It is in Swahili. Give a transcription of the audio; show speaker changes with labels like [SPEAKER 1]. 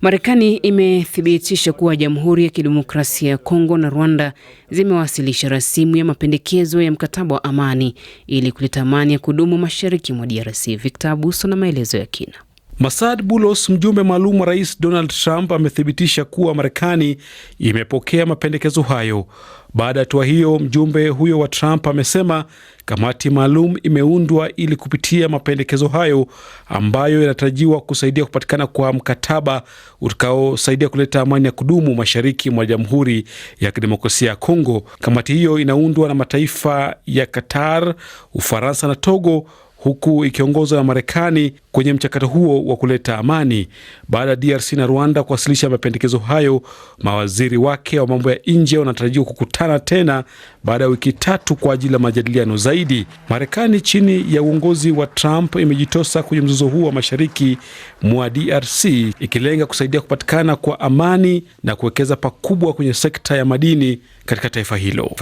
[SPEAKER 1] Marekani imethibitisha kuwa Jamhuri ya Kidemokrasia ya Kongo na Rwanda zimewasilisha rasimu ya mapendekezo ya mkataba wa amani ili kuleta amani ya kudumu mashariki mwa DRC. Victor Abuso na maelezo ya kina.
[SPEAKER 2] Masad Bulos, mjumbe maalum wa rais Donald Trump, amethibitisha kuwa Marekani imepokea mapendekezo hayo. Baada ya hatua hiyo, mjumbe huyo wa Trump amesema kamati maalum imeundwa ili kupitia mapendekezo hayo ambayo yanatarajiwa kusaidia kupatikana kwa mkataba utakaosaidia kuleta amani ya kudumu mashariki mwa Jamhuri ya Kidemokrasia ya Kongo. Kamati hiyo inaundwa na mataifa ya Qatar, Ufaransa na Togo huku ikiongozwa na Marekani kwenye mchakato huo wa kuleta amani. Baada ya DRC na Rwanda kuwasilisha mapendekezo hayo, mawaziri wake wa mambo ya nje wanatarajiwa kukutana tena baada ya wiki tatu kwa ajili ya majadiliano zaidi. Marekani chini ya uongozi wa Trump imejitosa kwenye mzozo huo wa mashariki mwa DRC ikilenga kusaidia kupatikana kwa amani na kuwekeza pakubwa kwenye sekta ya madini katika taifa hilo.